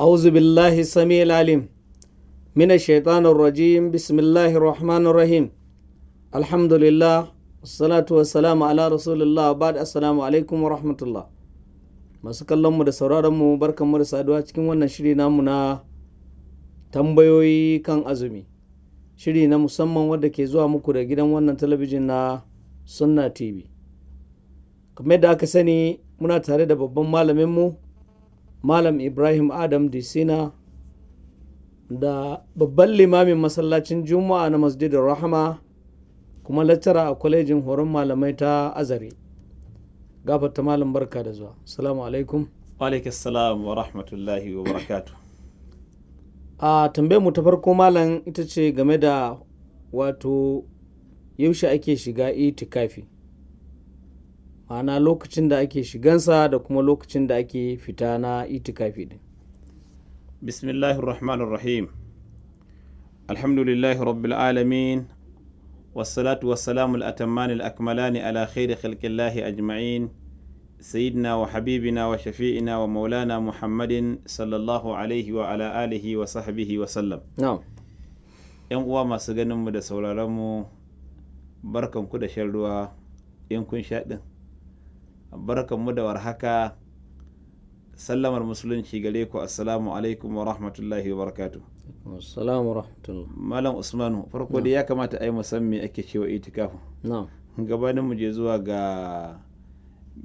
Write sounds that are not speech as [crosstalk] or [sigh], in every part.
أعوذ بالله السميع العليم من الشيطان الرجيم بسم الله الرحمن الرحيم الحمد لله والصلاة والسلام على رسول الله بعد السلام عليكم ورحمة الله masu kallonmu da sauraronmu barkanmu da saduwa cikin wannan shiri namu na tambayoyi kan azumi shiri na musamman wadda ke zuwa muku da gidan wannan talabijin na sunna tv kamar yadda aka sani muna tare da babban malaminmu malam ibrahim adam disina da babban limamin masallacin juma'a na masjidin rahama kuma lattara a kwalejin horon malamai ta azare Gafata malam barka da zuwa salamu alaikum Walaikis salam wa rahmatullahi wa barakatu a tambayar mu ta farko malam ita ce game da wato yaushe ake shiga itikafi ma'ana lokacin da ake shigansa da kuma lokacin da ake fita na itikafi din bismillahirrahmanirrahim alhamdulillahi rabbil alamin wassalatu wassalamu al'atamman al'akmalani ala khairi a ajma'in sayidina wa habibina wa shafi'ina wa maulana muhammadin sallallahu alaihi wa ala wa sahbihi wa sallam yan uwa masu ganinmu da sauraronmu barkanku da shan ruwa in kun sha barkanmu da warhaka sallamar musulunci gare ku assalamu alaikum wa rahmatullahi wa barakatu assalamu malam usmanu farko da ya kamata a yi musamman ake cewa itikafu gabanin mu je zuwa ga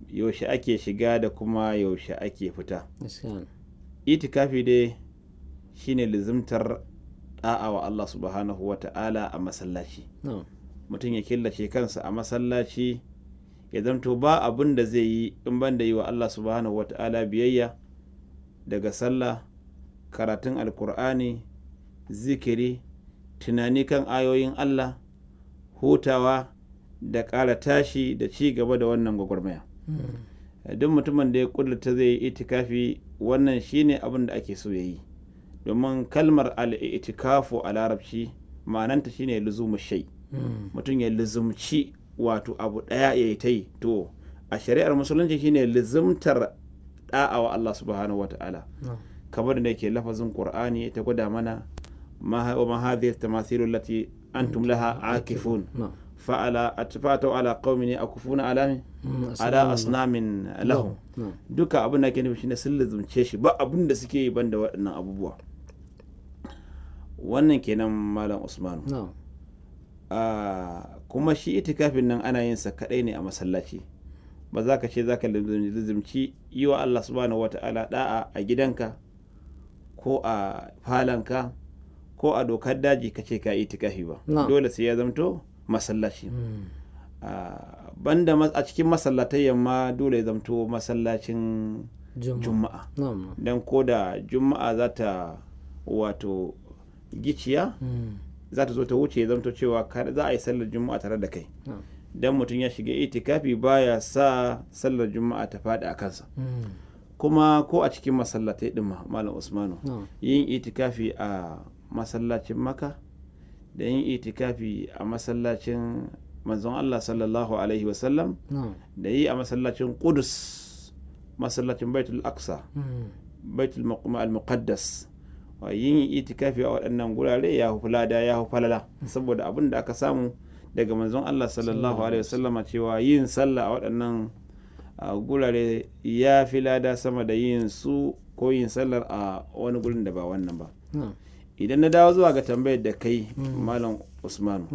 yaushe ake shiga da kuma yaushe ake fita itikafi dai shine lizimtar da'a wa Allah subhanahu wa ta'ala a masallaci mutum ya killace kansa a masallaci ya zamto ba abin da zai yi in ban da yi wa Allah subhanahu wata'ala biyayya daga sallah karatun alkur'ani zikiri tunani kan ayoyin Allah hutawa da ƙara tashi da ci gaba da wannan gwagwarmaya hmm. duk mutumin da ya kudurta zai yi itikafi wannan shine abin da ake so ya yi domin kalmar al'itikafu a larabci ma'ananta shine luzumu shai hmm. mutum ya luzumci wato abu ɗaya ya yi ta yi to a shari'ar musulunci shine lizimtar da'a wa Allah subhanahu wa ta'ala kamar da ke lafazin qur'ani ta gwada mana ma hadhihi tamathilu allati antum laha akifun fa'ala atfatu ala qaumin akufuna ala mm, ala asnamin lahum duka abin da ke nufi shine sun lizimce shi ba abin da suke yi banda waɗannan abubuwa wannan kenan malam usman. kuma shi itikafin nan ana yin sa kadai ne a masallaci ba za ka ce za ka lizimci yi wa Allah subhanahu wa ta'ala da'a a gidanka ko a falanka ko a dokar daji ka ce ka yi itikafi ba dole sai ya zamto masallaci hmm. banda a cikin masallatai yamma dole ya zamto masallacin juma'a don ko da juma'a za ta wato giciya hmm. za ta zo ta wuce ya zamto cewa za a yi sallar juma'a tare da kai dan mutum ya shiga itikafi baya sa sallar juma'a ta faɗi a kansa hmm. kuma ko a cikin masallatai din malam usmanu yin itikafi a masallacin maka da yin itikafi a masallacin manzon Allah sallallahu alaihi wasallam da yi a masallacin Qudus masallacin Baitul Aqsa hmm. Baitul Muqaddas yin itikafi a waɗannan gurare ya hufi lada ya hufi falala saboda abin da aka samu daga manzon Allah sallallahu alaihi wasallama cewa yin sallah a waɗannan gurare ya fi lada sama da yin su ko yin sallar a wani gurin da ba wannan ba idan na dawo zuwa ga tambayar da kai mm. malam Usman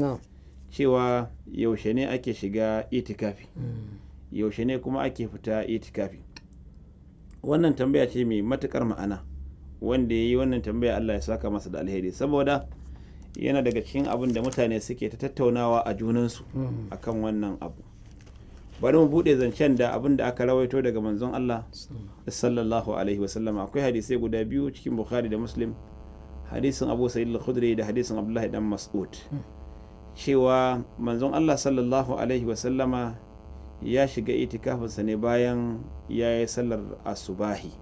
cewa yaushe ne ake shiga itikafi mm. yaushe ne kuma ake fita itikafi wannan tambaya ce mai matukar ma'ana wanda ya yi wannan tambaya Allah ya saka masa da alheri saboda yana daga cikin abin da mutane suke ta tattaunawa a junansu mm. akan wannan abu bari mu buɗe zancen da abin da aka rawaito daga manzon Allah sallallahu alaihi wasallam akwai hadisai guda biyu cikin Bukhari da Muslim hadisin Abu Sa'id al-Khudri da hadisin Abdullahi dan Mas'ud mm. cewa manzon Allah sallallahu alaihi wasallama ya shiga itikafinsa ne bayan ya yi sallar asubahi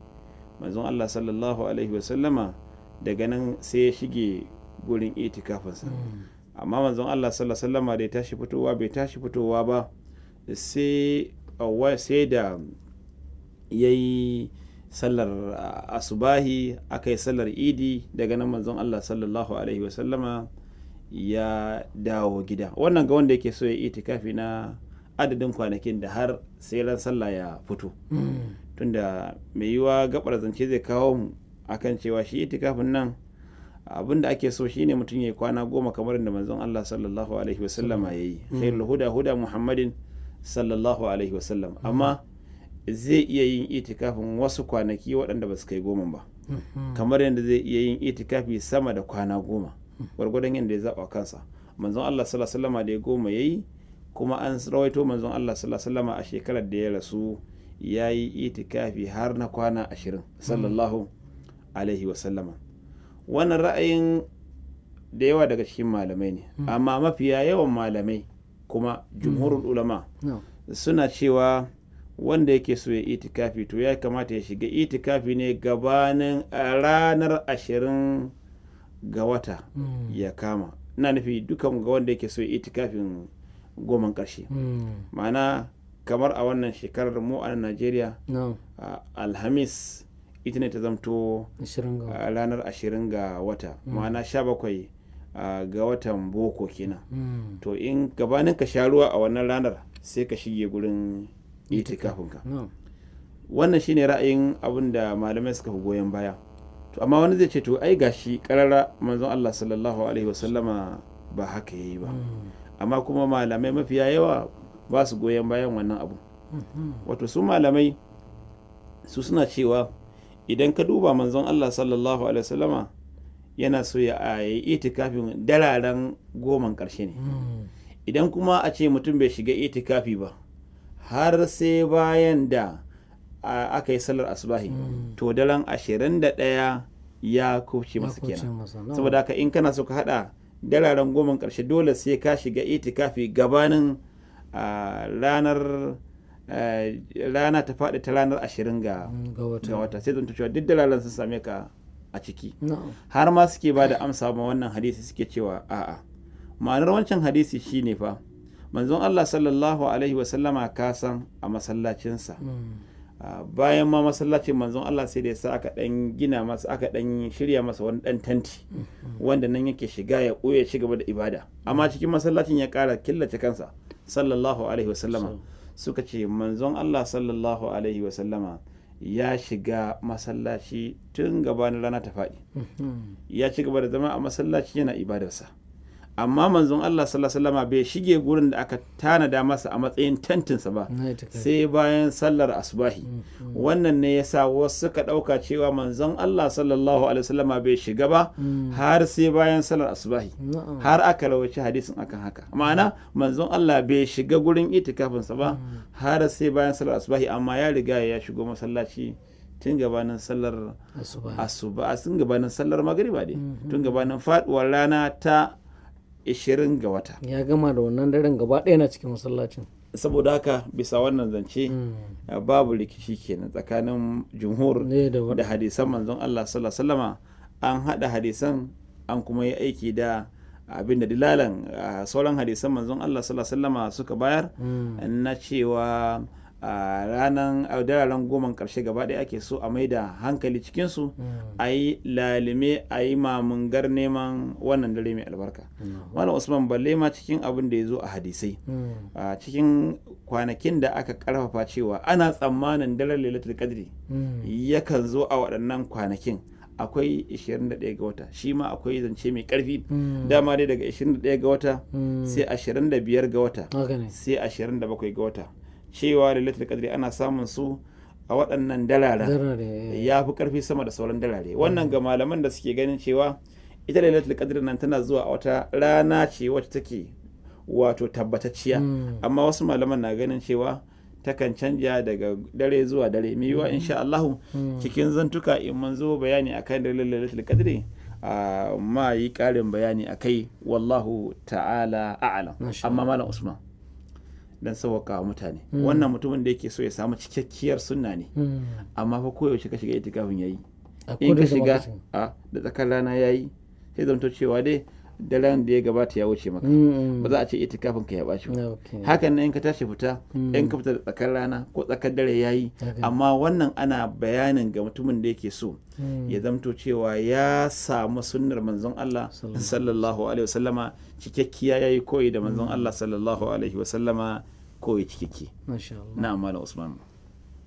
manzon Allah sallallahu alaihi wasallama daga nan sai ya shige gurin itikafinsa hmm. amma manzon Allah sallallahu alaihi wasallama da ya tashi fitowa bai tashi fitowa ba sai da ya yi sallar asubahi aka yi sallar idi daga nan manzon Allah sallallahu alaihi wasallama ya dawo gida wannan ga wanda yake so ya itikafi na adadin kwanakin da har sai ran sallah ya fito hmm. tunda mai yiwa gabar zance zai kawo mu akan cewa shi itikafin nan abin da ake so shine mutum ya kwana goma kamar da manzon Allah sallallahu alaihi wasallam ya yi mm. khairul huda huda muhammadin sallallahu alaihi wasallam mm. amma zai iya yin itikafin wasu kwanaki waɗanda ba su kai goma ba mm-hmm. kamar yadda zai iya yin itikafi sama da kwana goma mm. gwargwadon yadda ya zaɓa kansa manzon Allah sallallahu alaihi wasallam da ya goma ya yi. kuma an rawaito manzon Allah sallallahu alaihi wasallam a shekarar da ya rasu ya yi itikafi har na kwana ashirin mm. sallallahu alaihi wasallama wannan ra'ayin da yawa daga cikin malamai ne mm. amma mafiya yawan malamai kuma jumhurul mm. ulama suna cewa wanda yake so ya itikafi to ya kamata ya shiga itikafi ne gabanin ranar ashirin ga wata ya kama ina nufi dukan ga wanda yake so ya itikafin goma ƙarshe ma'ana kamar a wannan shekarar mu a najeriya alhamis ita ne ta zamto ranar ashirin ga wata mm. ma'ana sha bakwai ga watan boko kenan mm. to in gabanin ka sha ruwa a wannan ranar sai ka shige gurin itikafinka wannan shine ra'ayin abin da malamai suka fi goyon baya to amma wani zai ce to ai gashi karara manzon Allah sallallahu alaihi wasallama ba haka yayi ba mm. amma kuma malamai mafiya yawa ba su goyon bayan wannan abu mhm. wato su malamai su suna cewa idan ka duba manzon Allah sallallahu alaihi wasallama yana so ya yi itikafin dararen goman karshe ne mhm. idan kuma a ce mutum bai shiga itikafi ba har sai bayan da aka yi sallar asubahi mhm. to daren ashirin da ɗaya ya kubce masa kenan saboda haka in kana so ka haɗa dararen goman karshe dole sai ka shiga itikafi gabanin a ranar rana ta faɗi ta ranar ashirin ga mm, wata sai zanto cewa duk dalalan sun same ka a ciki har ma suke ba da amsa ma wannan hadisi suke cewa a'a ma'anar wancan hadisi shine fa manzon Allah sallallahu alaihi wa sallama ka san a masallacinsa mm. bayan ma masallacin manzon Allah sai da yasa aka dan gina masa aka dan shirya masa wani dan tanti mm, wanda nan yake shiga ya ya ci gaba da ibada amma cikin masallacin ya kara killace kansa sallallahu alaihi wasallama suka ce manzon Allah sallallahu alaihi wasallama ya shiga masallaci tun gabanin rana ta faɗi mhm. ya ci gaba da zama a masallaci yana ibadarsa amma manzon Allah sallallahu alaihi bai shige gurin da aka tanada masa a matsayin tantinsa ba sai bayan sallar asbahi mm, mm. wannan ne yasa wasu suka dauka cewa manzon Allah sallallahu alaihi wasallama bai shiga ba mm. har sai bayan sallar asbahi har aka rawaci hadisin akan haka ma'ana manzon Allah bai shiga gurin sa ba har sai bayan sallar asbahi amma ya riga ya shigo masallaci tun gabanin sallar asuba tun gabanin sallar magriba ne tun gabanin faduwar rana ta 20 ga wata ya gama da wannan daren gaba ɗaya na cikin masallacin saboda haka bisa wannan zance hmm. babu rikici kenan tsakanin jumhur eh, da hadisan manzon Allah sallallahu an haɗa hadisan an kuma yi aiki da abinda dilalan ah, sauran hadisan manzon Allah sallallahu suka bayar hmm. na cewa a ranar dararen goma karshe gaba ɗaya ake so a mai da hankali cikinsu mm. a yi lalime a yi mamungar neman wannan dare mai albarka Wannan mm. usman balle ma cikin abin da ya zo a hadisai mm. a cikin kwanakin da aka karfafa cewa ana tsammanin dalar lailatul kadiri. yakan zo a waɗannan kwanakin akwai 21 ga wata shi ma akwai zance mai karfi dama dai daga 21 ga wata sai 25 ga wata sai 27 ga wata cewa lailatul qadri ana samun su a waɗannan dalala eh. ya fi ƙarfi sama da sauran dalare mm. wannan ga malaman da suke ganin cewa ita lailatul qadri nan tana zuwa a wata rana ce wacce take wato tabbatacciya mm. amma wasu malaman na ganin cewa takan canja daga dare zuwa dare mai yiwuwa mm. insha Allahu cikin zantuka in mun zo bayani akan dalilin lailatul qadri ma yi ƙarin bayani akai wallahu ta'ala a'lam amma malam Usman don sauwaka wa mutane hmm. wannan mutumin da yake so ya samu cikakkiyar sunna ne hmm. amma fa koyaushe ka shiga itikafin yayi in ka shiga da tsakar rana yayi sai zanto cewa dai daren da ya gabata ya wuce maka ba za a ce itikafin ka ya bashi ba hakan nan in ka tashi fita mm. in ka fita da tsakar rana ko tsakar dare ya yi amma wannan ana bayanin ga mutumin da yake so mm. ya zamto cewa ya samu sunnar manzon Allah sallallahu alaihi wasallama cikakkiya ya yi koyi da manzon mm. Allah sallallahu alaihi wasallama koyi cikakke amma da usman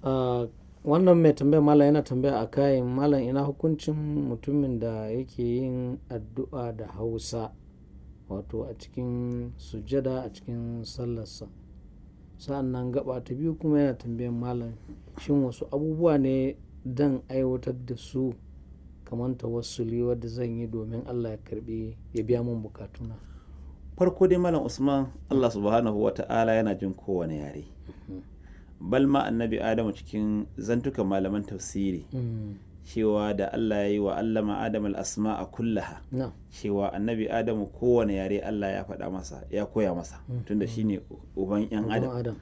uh, wannan mai tambaya malam yana tambaya a kayan malam ina hukuncin mutumin da yake yin addu'a da hausa wato a cikin sujada a cikin sallarsa sa'annan gaba ta biyu kuma yana tambayan malam shin wasu abubuwa ne dan aiwatar da su kamar ta wasu liwa da zan yi domin allah ya karbi ya biya mun bukatuna farko dai malam usman allah subhanahu wa ta'ala yana jin kowane yare balma annabi adamu cikin zantukan malaman tafsiri mm. cewa da Allah ya yi wa allama Adam al'asma a kullaha cewa annabi Adamu kowane yare Allah ya faɗa masa ya koya masa mm. tunda shi ne uban ‘yan Adam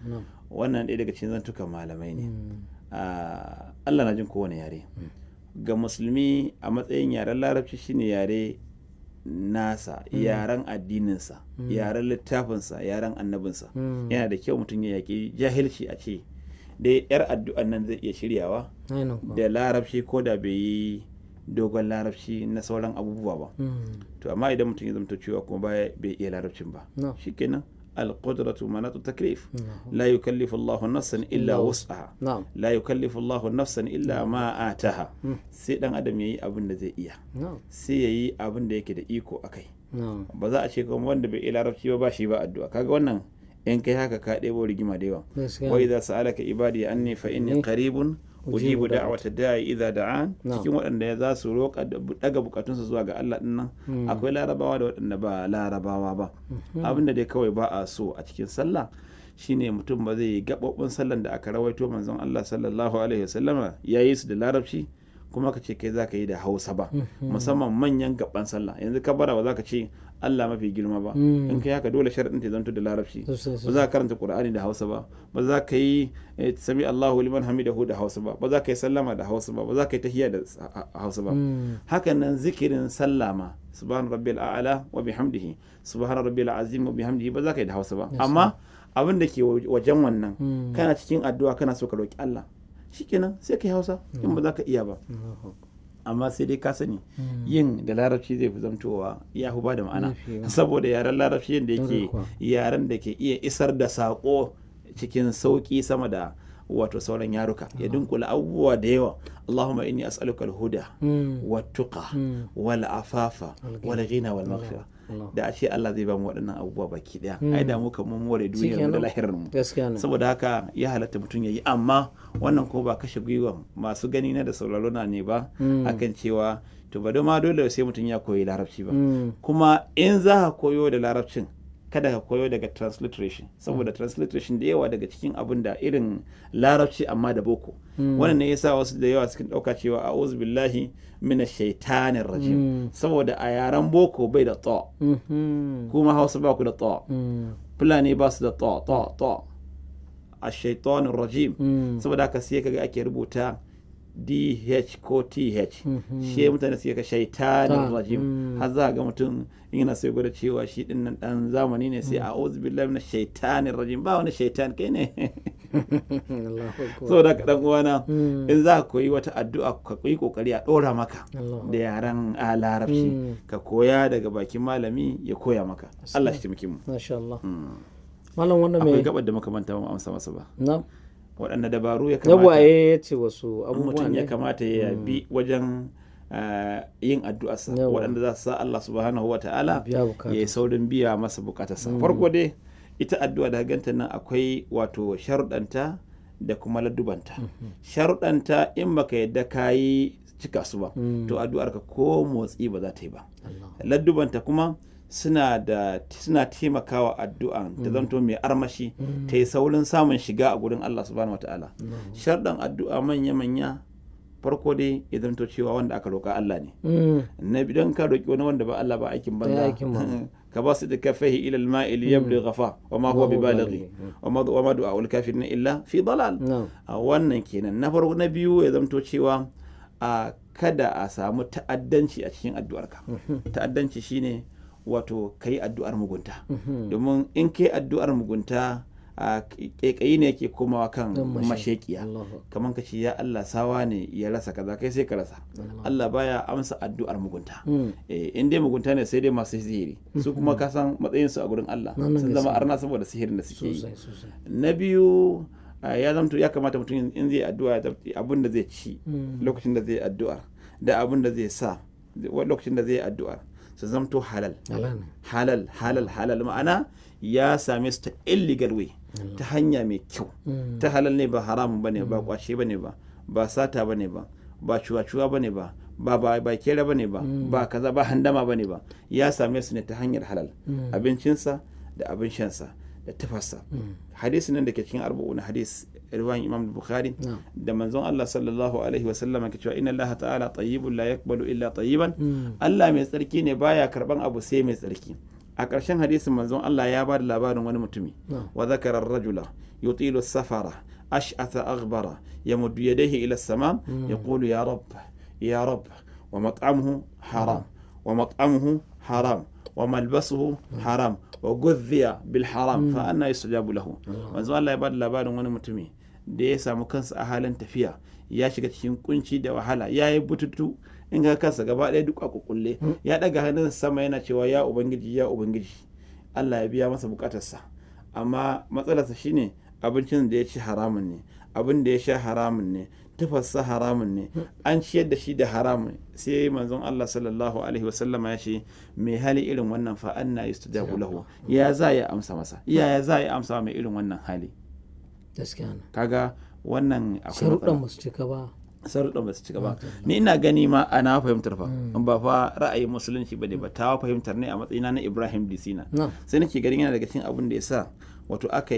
wannan ɗaya daga cikin zantukan malamai ne mm. ah, Allah na jin kowane yare ga musulmi a matsayin yaren larabci shine yare nasa mm. yaren addininsa mm. yaren littafinsa yaren annabinsa mm. yana da kyau mutum ya yaƙi jahilci a ce dai yar addu'an nan zai iya shiryawa da larabci ko da bai yi dogon larabci na sauran abubuwa ba to amma idan mutum ya zamta cewa kuma bai iya larabcin ba shikenan القدرة ومناة التكليف نعم. لا يكلف الله نفسا إلا وسعها نعم. لا يكلف الله نفسا إلا نعم. ما آتاها سيدان أدم يأي أبن نزي إياه سيأي أبن دي كده إيكو أكي بزا أشيكم وان دبي إلى ربشي وباشي با أدوا كاقو أنن إنك هكا لجما ديوا وإذا سألك إبادي أني فإني إيه. قريب ujibu da'wata da'i idza da'an cikin waɗanda za su roƙa daga bukatunsu zuwa ga Allah nan hmm. akwai larabawa da waɗanda ba larabawa ba mhm. Abin da dai kawai ba a so a cikin sallah shine mutum ba zai gaɓoɓin sallan da aka rawaito manzon Allah sallallahu alaihi wasallama ya yi su da larabci kuma ka ce kai zaka yi da hausa ba mhm. musamman manyan gaɓan sallah yanzu ka bara ba za ka ce Allah mafi girma ba hmm. in kai haka dole sharadin ta zanto da larabci ba za ka karanta Qur'ani da Hausa ba ba za ka yi eh, sami Allahu liman hamidahu da Hausa ba ba za ka yi sallama da Hausa ba ba za ka yi tahiyya da Hausa ba hmm. hakan nan zikirin sallama subhan rabbil a'la wa bihamdihi subhan rabbil azim wa bihamdihi ba za ka yi da Hausa ba amma abin da ke wajen wannan hmm. kana cikin addu'a kana so ka roki Allah shikenan sai ka yi Hausa in ba za ka iya ba amma sai dai ka sani hmm. yin da larabci zai fi zamtowa ya fi ba da ma'ana saboda yaren larabci yadda yake yaren da ke iya isar da saƙo cikin sauƙi sama da wato sauran yaruka ya dunkula abubuwa da yawa Allahumma inni as'aluka al-huda hmm. wa tuqa hmm. wal-afafa wal-ghina wal-maghfira da ashe Allah zai ba mu waɗannan abubuwa baki daya hmm. ai da mu mu more duniya da lahirar mu saboda haka ya halatta mutum yayi amma wannan ko ba kashe gwiwa masu gani na da sauraro na ne ba akan cewa to ba ma dole sai mutum ya koyi larabci ba kuma in za ka koyo da larabcin kada ka koyo daga transliteration saboda mm. transliteration da yawa daga cikin abin da irin larabci amma da boko mm. wannan ne yasa wasu da yawa sukan dauka cewa a'udhu billahi minash shaitanir rajim mm. saboda a yaran boko bai da ta mm-hmm. kuma hausa ba ku da ta fulani ba su da ta ta ta a shaitanir rajim saboda haka sai kaga ake rubuta dh ko th mhm. shi mutane suke ka shaitanin rajim mm. har za ga mutum in yana sai gwada cewa shi din nan dan zamani ne sai mm. a uzu billahi na shaitanin rajim ba wani shaitan kai ne [laughs] so ka dan uwana mm. in za ka koyi wata addu'a ka koyi kokari a dora maka da yaran larabci ka koya daga bakin malami ya koya maka Allah shi taimake mu masha Allah malam wannan mai akwai gabar da muka manta ba mu amsa masa ba na'am waɗanne dabaru ya kamata eh, ya ce wasu abubuwan ya kamata ya mm. bi wajen eh, yin addu'arsa waɗanda za su sa Allah subhanahu wa ta'ala ya yi saurin biya masa bukatarsa mm. farko dai ita addu'a da ganta nan akwai wato sharuɗanta da kuma ladubanta mhm. sharuɗanta in baka yadda ka yi cika su ba mm. to addu'arka ko motsi ba za ta yi ba ladubanta kuma suna da suna taimakawa addu'a ta mm. zanto mai armashi mm. ta yi saurin samun shiga a gurin Allah subhanahu wataala mm. sharɗan addu'a manya manya farko dai ya zanto cewa wanda aka roƙa Allah ne na bidan ka roƙi wani wanda ba Allah ba aikin banza [laughs] ka ba su da kafahi ilal ma'il yabli ghafa wa ma huwa balighi wa ma wa ma du'a ul kafirin illa fi dalal wannan kenan na farko na biyu ya zanto cewa a kada a samu ta'addanci a cikin addu'arka mm-hmm. ta'addanci shine wato kayi addu'ar mugunta mhm. domin in ka addu'ar mugunta ƙaiƙayi ne yake komawa kan mashekiya kamar ka ce ya Allah sawa ne ya rasa kaza kai sai ka rasa Allah baya amsa addu'ar mugunta mm. eh, in dai mugunta ne sai dai masu sihiri su mm-hmm. kuma ka san matsayin su a gurin Allah sun zama arna saboda sihirin da suke yi na biyu ya zamto ya kamata mutum in zai addu'a abin zai ci mm. lokacin da zai addu'a da abin zai sa lokacin da zai addu'a su zamto halal halal halal halal ma'ana ya same su ta illegal way ta hanya mai kyau ta halal ne ba ba ne ba kwashe ba ne ba ba sata ba ne ba ba cuwa-cuwa ba ba ba ba ba kera ne ba ba kaza ba handama ba ne ba ya same su ne ta hanyar halal abincinsa da abin shansa da tafasa hadisi nan da ke cikin arba'una hadis riwayan imam bukhari da manzon Allah sallallahu alaihi wa sallama ke cewa inna Allah ta'ala tayyibun la yaqbalu illa tayyiban hmm. Allah mai tsarki ne baya karban abu sai mai tsarki a ƙarshen hadisin manzon Allah ya ba da labarin wani mutumi wa zakara rajula yutilu safara ash'atha aghbara yamuddu yadayhi ila as-sama hmm. yaqulu ya rab ya rab wa mat'amuhu haram wa mat'amuhu haram wa malbasuhu haram wa gudhiya bil haram fa hmm. anna yustajabu lahu manzo Allah ya bada labarin wani mutumi da ya samu kansa a halin tafiya ya shiga cikin kunci da wahala ya yi bututu in ga kansa gaba ɗaya duk a kukulle hmm. ya ɗaga hannun sama yana cewa ya ubangiji ya ubangiji Allah ya biya masa bukatarsa amma matsalarsa shine abincin da ya ci haramun ne abin da ya sha haramun ne tufarsa haramun ne hmm. an ciyar da shi da haramun sai manzon Allah sallallahu alaihi wasallama ya ce mai hali irin wannan na yi su lahu ya za ya amsa masa ya za ya amsa mai irin wannan hali kaga wannan sharuɗan ba su cika ba ba cika ba ni ina gani ma ana fahimtar fa in hmm. ba fa ra'ayin musulunci ba ne ba ta fahimtar ne a matsayina na Ibrahim Disina sai nake ganin yana daga cikin abin da ya sa wato aka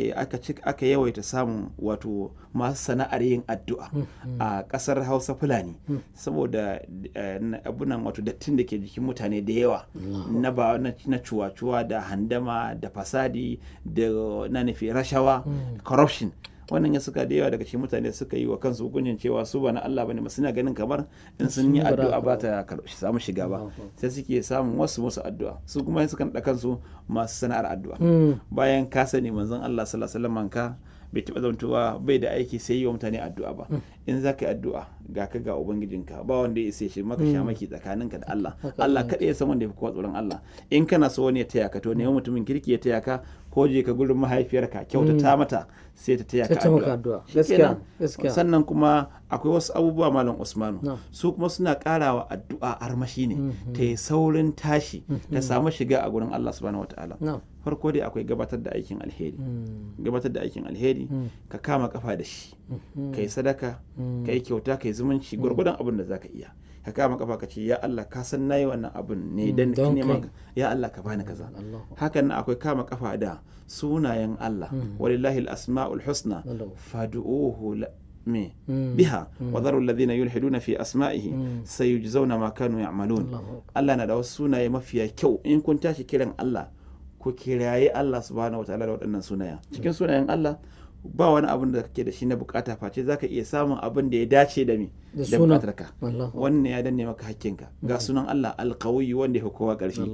aka yawaita samun wato masu sana'ar yin addu'a hmm, hmm. a kasar Hausa Fulani saboda eh, abunan wato dattin da ke jikin mutane da yawa na ba na cuwa-cuwa da handama da fasadi da na nufi rashawa corruption wannan ya suka da yawa daga cikin mutane suka yi wa kansu hukuncin cewa su ba na Allah bane masu na ganin kamar in sun yi addu'a ba ta samu shiga ba sai suke samun wasu musu addu'a su kuma kan da kansu masu sana'ar addu'a hmm. bayan ka sani manzon Allah sallallahu alaihi wasallam ka bai taɓa zantowa bai da aiki sai yi wa mutane addu'a ba hmm. in za ka yi addu'a ga ka ga ubangijinka ba wanda ya isa shi maka hmm. maki tsakaninka da Allah Allah kaɗai ya san wanda ya fi kowa tsoron Allah in kana so wani ya taya ka to ne mutumin kirki ya taya ka ko je ka gurin mahaifiyarka kyautata mm. mata sai ta taya ka addu'a Gaskiya. sannan kuma akwai wasu abubuwa malam usmanu su kuma suna karawa addu'a armashi ne mhm. ta yi saurin tashi ta mhm. samu shiga a gurin Allah subhanahu wataala farko dai akwai gabatar da aikin alheri mm. gabatar da aikin alheri mm. ka kama kafa da shi mhm. kai sadaka kai kyauta kai zumunci gwargwadon abin da zaka iya ka kama kafa ka ce ya Allah ka san nayi wannan abun ne hmm, dan neman ya Allah ka bani kaza hakan nan akwai kama kafa da sunayen Allah hmm. walillahi al-asma'ul husna fad'uhu me hmm. biha wa dharu alladhina yulhiduna fi asma'ihi sayujzauna ma kanu ya'malun Allah na da wasu sunaye mafiya kyau in kun tashi kiran Allah ku kiraye Allah subhanahu wataala da waɗannan sunaya cikin sunayen Allah ba wani abin da kake da shi na bukata face zaka iya samun abin da ya dace da me da bukatarka wannan ya danne maka hakkinka ga mm. sunan Allah alqawi wanda ya kowa karshe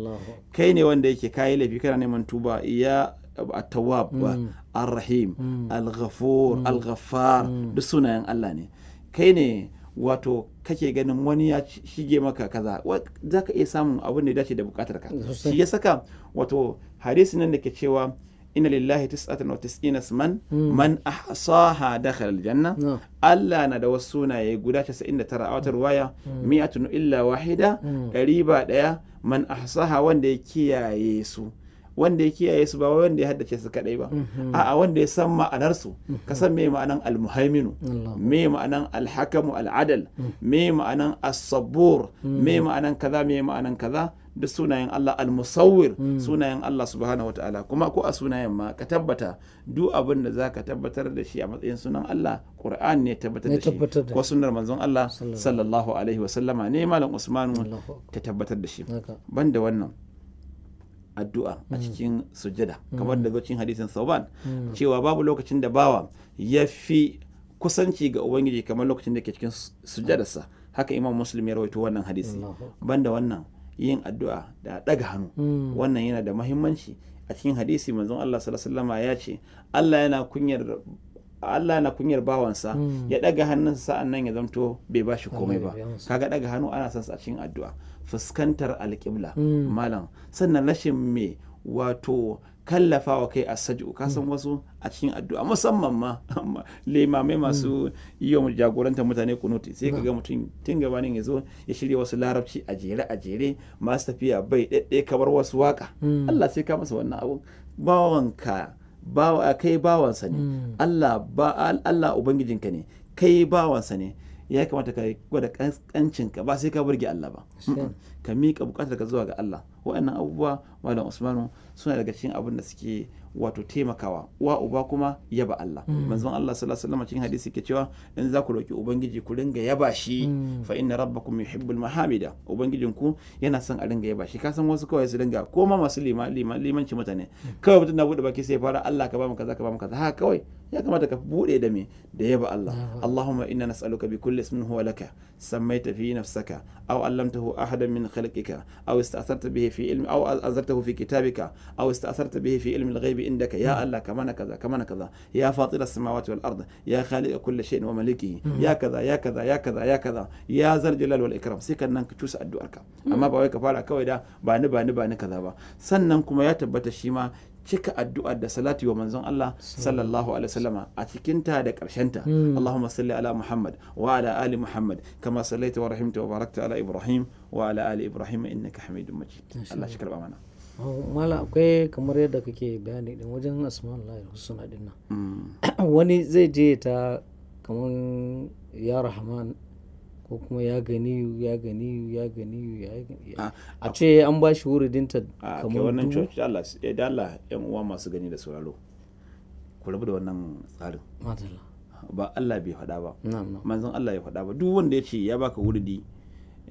kai ne wanda yake kayi laifi kana neman tuba ya at-tawwab mm. ar-rahim mm. al-ghafur al-ghaffar duk sunayen Allah ne kai ne wato kake ganin wani ya shige maka kaza za iya samun abin da ya dace da bukatarka shi ya saka wato hadisi nan da ke cewa Ina lillahi tis'atan wa tis'ina isman hmm. man ahsaha dakhala aljanna Allah na da wasu sunaye guda 99 a wata hmm. ruwaya hmm. mi'atun illa wahida ɗari ba ɗaya man ahsaha wanda ya kiyaye su wanda ya kiyaye su ba wanda ya haddace su kadai ba a'a wanda ya san ma'anar su ka san me ma'anan almuhaiminu me ma'anan alhakamu al'adal me ma'anan as-sabur me ma'anan kaza me ma'anan kaza duk sunayen Allah al-musawwir hmm. sunayen Allah subhanahu wataala kuma ko a sunayen ma ka tabbata duk abin da zaka tabbatar da shi a matsayin sunan Allah Qur'an ne tabbatar da shi ko sunnar manzon Allah sallallahu alaihi wa sallama ne malam usman ta tabbatar da shi banda wannan addu'a a hmm. cikin sujada hmm. kamar da zocin hadisin Sauban cewa babu lokacin da bawa ya fi kusanci ga ubangiji kamar lokacin da ke cikin sujadarsa haka imam muslim ya rawaito wannan hadisi banda wannan yin addu'a da ɗaga hannu hmm. wannan yana da mahimmanci a cikin hadisi manzon Allah sallallahu ya ce Allah yana kunyar Allah na kunyar bawansa hmm. ya ɗaga hannun sa'an nan ya zamto bai ba shi komai ba hmm. kaga ɗaga hannu ana son a cikin addu'a fuskantar alƙibla malam sannan rashin me wato kallafa wa kai a ka san mm. wasu a cikin addu'a musamman ma limamai masu mm. yi wa jagorantar mutane kunuti sai ka mm. ga mutum tun gabanin ya zo ya shirya wasu larabci a jere a jere masu tafiya bai daidai kamar wasu waka Allah sai ka masa wannan abu bawanka bawa kai bawansa ne Allah ba Allah ubangijinka ne kai bawansa ne ya kamata ka gwada kancin ka ba sai ka burge Allah ba ka miƙa bukatar ka zuwa ga Allah wa'annan abubuwa malam usmanu suna daga cikin abin da suke wato taimakawa wa uba kuma yaba Allah mm. manzon Allah sallallahu alaihi wasallam cikin hadisi ke cewa in za ku roki ubangiji ku ringa yaba shi mm. fa inna rabbakum yuhibbul mahamida ubangijin ku yana son a ringa yaba shi kasan wasu kawai su ringa ko ma masu limanci mutane mm. kawai mutum na bude baki sai fara Allah ka ba mu kaza ka ba mu kaza haka kawai ya kamata ka bude da me da yaba Allah Allahumma inna nas'aluka bi kulli ismin huwa laka sammaita fi nafsaka aw allamtahu ahadan min khalqika aw ista'tharta bihi fi ilmi aw azartahu fi kitabika aw bihi fi ilmi al-ghaib indaka ya hmm. Allah kamana kaza kamana kaza ya fatir as-samawati wal ard ya khaliq kulli shay'in wa maliki hmm. ya kaza ya kaza ya kaza ya kaza ya zal jalal wal ikram sai kan nan ka cusa addu'arka amma hmm. ba wai ka fara kawai da ba ni ba ni ba ni kaza ba sannan kuma ya tabbata shi ma cika addu'a da salati wa manzon Allah sallallahu alaihi wasallama a cikin ta da karshen ta hmm. Allahumma salli ala Muhammad wa ala ali Muhammad kama sallaita wa rahimta wa barakta ala Ibrahim wa ala ali Ibrahim innaka Hamidum Majid Allah shi karba mana oh, mala akwai kamar yadda kake bayani din wajen asma'ul husna din nan hmm. [coughs] wani zai je ta kamar ya rahman ko kuma ya gani ya gani ya gani ya gani ah, a ce an ba shi wuridinta ah, kamar wannan coci Allah ya eh, da Allah yan uwa masu gani da sauraro ku rabu da wannan tsarin ba Allah bai faɗa ba manzon Allah ya faɗa ba duk wanda ya ce ya baka wuridi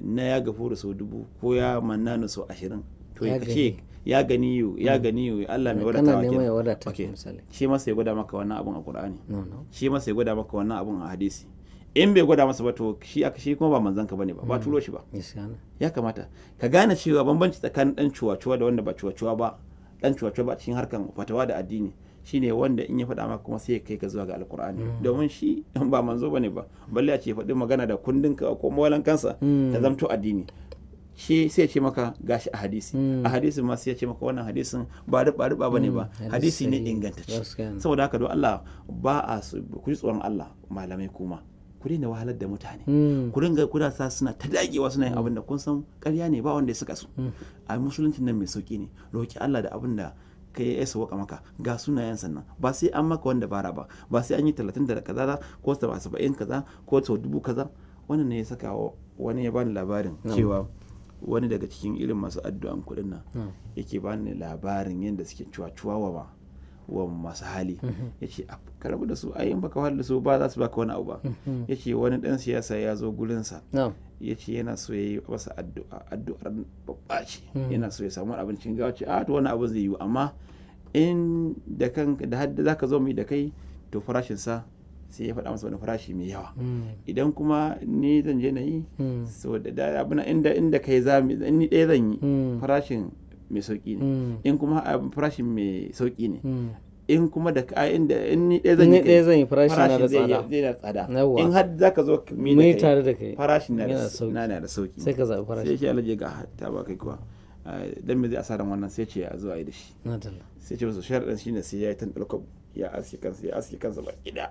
na ya da sau dubu ko ya na sau ashirin to ya ce ya gani yu ya gani yu. Allah mai wadata wa misali. shi masa ya gwada maka wannan abun a Qur'ani shi masa ya gwada maka wannan abun a hadisi in bai gwada masa ba to shi aka shi kuma ba manzanka ka bane ba ba hmm. turo shi ba ya kamata ka gane cewa bambanci tsakanin dan cuwa-cuwa da wanda ba cuwa-cuwa ba dan cuwa-cuwa ba cikin harkan fatawa da addini shine wanda in ya faɗa maka kuma sai kai ka zuwa ga alkur'ani hmm. domin shi [laughs] ba manzo bane ba balle a ce faɗi magana da kundin ka ko mawalan kansa ta hmm. zamto addini shi sai ya ce maka gashi a hadisi a hadisin ma sai ya ce maka wannan hadisin ba riba riba bane ba hadisi ne ingantacce saboda haka don Allah ba a ku tsoron Allah malamai kuma ku daina wahalar da mutane hmm. ku ringa kuna sa suna ta dagewa suna yin hmm. abin da kun san ƙarya ne ba wanda ya saka su hmm. a musulunci nan mai sauki ne roki Allah da abin da ka yi yasa waka maka ga sunayen sannan ba sai an maka wanda bara ba ba sai an yi talatin da kaza ko saba'in kaza ko sau dubu kaza wannan ne ya saka wani ya bani labarin cewa wani daga cikin irin masu addu'an kuɗin nan yake bani labarin yadda suke cuwa-cuwa wa wa masu hali mhm. ya ce ka rabu da su ai in baka wahala da su ba za su baka wani abu ba mhm. ya ce wani dan siyasa ya zo gurinsa ya ce yana so ya yi masa addu'a addu'ar babba ce mhm. yana so ya samu abincin gawa ce a ah, to wani abu zai yi amma in da kan da hadda za ka zo mai da kai to farashinsa sai ya faɗa masa wani farashi mai yawa mm. idan kuma ni zan je na yi mm. so da abuna inda inda kai za ni ɗaya zan yi mm. farashin mai sauki ne mm. in kuma a ah, farashin mai sauki ne mm. in kuma da kayan da in ni ɗaya zan yi zan yi farashin na da tsada zai da tsada in har za ka zo mai tare da kai farashin na da sauki sai ka zaɓi farashin sai shi alaje ga ta ba kai kuwa ah, dan me zai asara wannan sai ce a zo a yi da shi sai ce musu sharadin shine sai ya yi tan ɗalkwab ya aske kansa ya aske kansa ba ƙida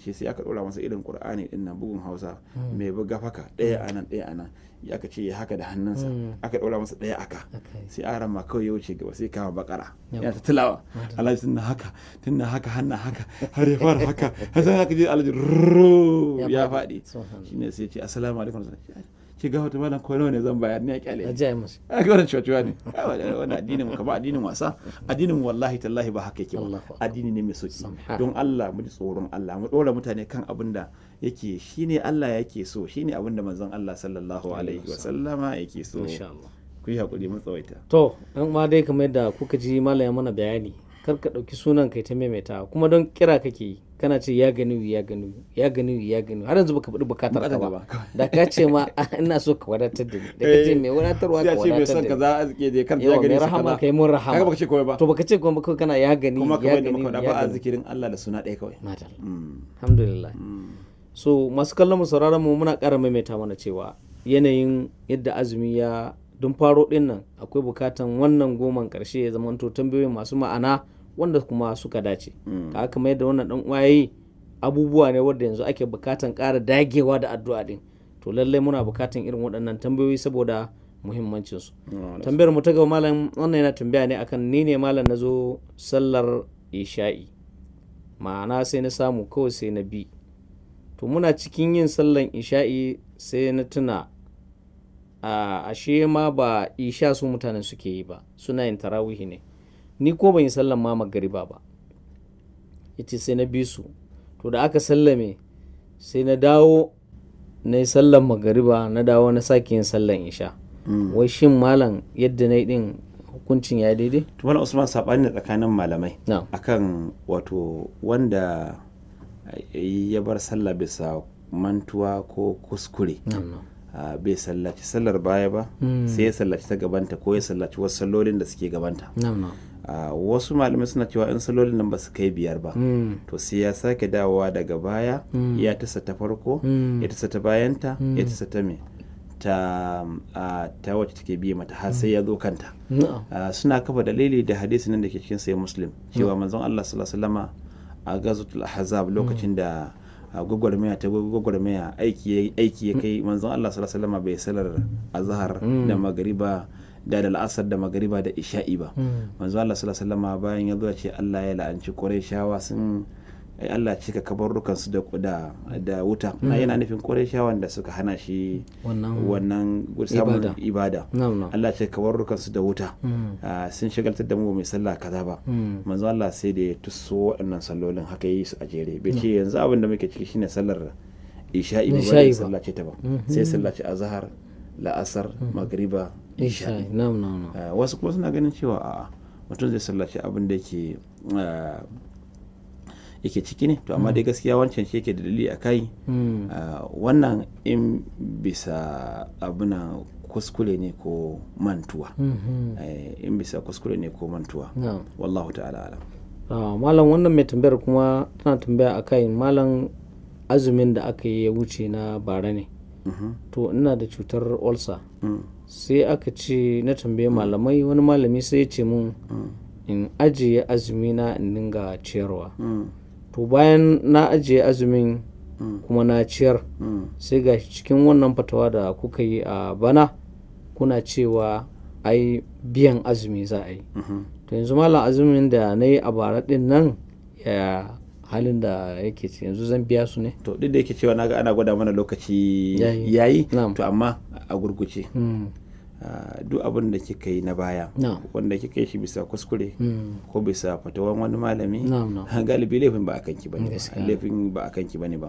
shi sai aka dora masa irin ƙur'ani din nan bugun hausa hmm. mai buga faka daya a nan daya a nan ya ka ce haka da hannunsa hmm. aka dora masa daya aka sai a rama kawai ya wuce gaba sai kama bakara ya ta tilawa alaji tun haka tun na haka hanna haka har ya fara haka [laughs] har sai haka je alhaji ya faɗi ne sai ya ce assalamu alaikum ki ga wata malam ko ne zan bayar ne a kyale a jaya musu a ga wani cewa ne wani addini mu kamar addinin wasa addinin wallahi tallahi ba haka yake ba addini ne mai soki don Allah mu ji tsoron Allah mu dora mutane kan abin da yake shine Allah yake so shine abin da manzon Allah sallallahu alaihi wa sallama yake so insha Allah ku yi hakuri mu tsawaita to dan ma dai kamar yadda kuka ji malam ya mana bayani kar ka ɗauki sunan kai ta maimaita kuma don kira kake yi kana ce ya gani ya gani ya gani ya gani har yanzu baka faɗi bukatar ka ba da ka ce ma ah, ina so ka wadatar da ni da ka ce eh, mai wadatarwa ka wadatar da ni sai ce mai son ka za a zike da kan ya gani rahama kai mun rahama baka ce komai ba to baka ce kai ba kana ya gani ya gani kuma da ba a zikirin Allah da suna ɗaya kawai madal mm. alhamdulillah mm. so masu kallon mu sauraron mu muna ƙara maimaita mana cewa yanayin yadda azumi ya dun faro ɗin nan akwai bukatan wannan goman ƙarshe ya zama tambayoyin masu ma'ana wanda kuma suka dace ka mai da wannan dan waye abubuwa ne wanda yanzu ake bukatan ƙara dagewa da addu'a din to lallai muna bukatan irin waɗannan tambayoyi saboda muhimmancin su ah, tambayar mu ta gaba malam wannan yana tambaya ne akan ni ne malam na zo sallar isha'i ma'ana sai na samu kawai sai na bi to muna cikin yin sallar isha'i sai na tuna a ah, ashe ma ba isha su mutanen suke yi ba suna yin tarawihi ne ni ko ban yi sallan ma magariba ba ita sai na bi su to da aka sallame sai na dawo na yi sallan magariba na dawo na sake yin sallan isha hmm. wai shin malam yadda na yi din hukuncin ya daidai to malam usman sabani na tsakanin malamai akan wato wanda ya bar sallah bisa mantuwa ko kuskure bai sallaci sallar baya ba hmm. sai ya sallaci ta gabanta ko ya sallaci wasu sallolin da suke gabanta wasu malamai suna cewa in salolin nan ba su kai biyar ba hmm. to sai ya sake dawowa daga baya hmm. ya tasa ta farko hmm. ya tasa ta bayanta ya tasa ta me ta ta wacce take biye mata har sai ya zo kanta suna kafa dalili da hadisi nan da ke cikin sai muslim cewa manzon Allah sallallahu alaihi wasallama a ahzab lokacin da gwagwarmaya ta gwagwarmaya aiki ya kai manzon Allah sallallahu alaihi wasallama bai salar azhar da magariba da da la'asar da magariba da isha'i ba hmm. manzo Allah sallallahu alaihi wasallam bayan ya zuwa ce Allah ya la'anci qurayshawa sun Allah cika kabarrukan su da da wuta na hmm. yana nufin qurayshawan da suka hana shi wannan samun ibada Allah cika kabarrukan su da wuta hmm. ah, sun shagaltar da mu mai sallah kaza ba manzo Allah sai da ya tusso waɗannan sallolin haka yi su a jere bai ce yanzu abin da muke ciki shine sallar isha'i ba sallah ce ta ba sai sallah ce azhar la'asar magriba Eh, wasu kuma suna ganin cewa a mutum zai sallaci abin da yake eh, yake ciki ne to amma dai hmm. gaskiya wancan shi yake da dalili a kai hmm. eh, wannan in bisa abinan kuskure ne ko mantuwa hmm, in bisa kuskure ne ko mantuwa wallahu ta'ala alam ah, malam wannan mai tambayar kuma tana tambaya a kai malam azumin da aka yi ya wuce na bara ne mhm. to ina da cutar ulcer sai aka ce na tambaye malamai wani malami sai ya ce mun in ajiye azumi na in dinga ciyarwa to bayan na ajiye azumin kuma na ciyar sai ga cikin wannan fatawa da kuka yi a bana kuna cewa ai biyan azumi za a yi to yanzu malam azumin da na yi a bara din nan ya halin da yake yanzu zan biya su ne to duk da yake cewa na ga ana gwada mana lokaci yayi to amma a gurguce hmm. duk abin da kika yi na baya wanda kika yi shi bisa kuskure hmm. ko bisa fatawan wani malami [laughs] galibi laifin ba a kanki bane ba laifin ba a kanki bane ba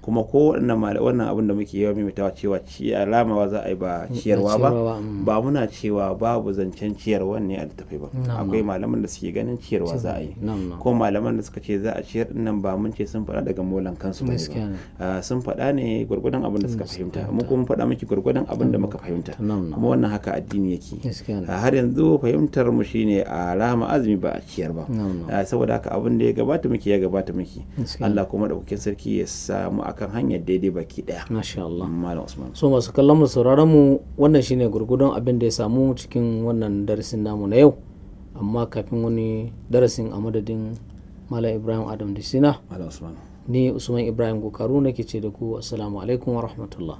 kuma ko wannan abin da muke yawan mimitawa cewa ci alamawa za a yi ba hmm, ciyarwa ba hmm. ba muna cewa babu zancen ciyarwa ne a littafai ba akwai malaman da suke ganin ciyarwa za a yi ko malaman da suka ce za a ciyar nan ba mun ce sun faɗa daga molan kansu ba ah, sun faɗa ne gwargwadon abin da suka fahimta mu kuma faɗa miki gwargwadon abin da muka fahimta kuma wannan haka addini yake ah, har yanzu fahimtar mu shine a ah, rama azumi ba a ciyar ba ah, saboda haka abin da ya gabata muke ya gabata muke Allah kuma bukin sarki ya samu akan hanyar daidai baki daya masha Allah malam Usman so masu kallon mu sauraron mu wannan shine gurgudun abin da ya samu cikin wannan darasin namu na yau amma kafin wani darasin a madadin malam Ibrahim Adam Disina malam Usman ni Usman Ibrahim Gokaru nake ce da ku assalamu alaikum wa rahmatullah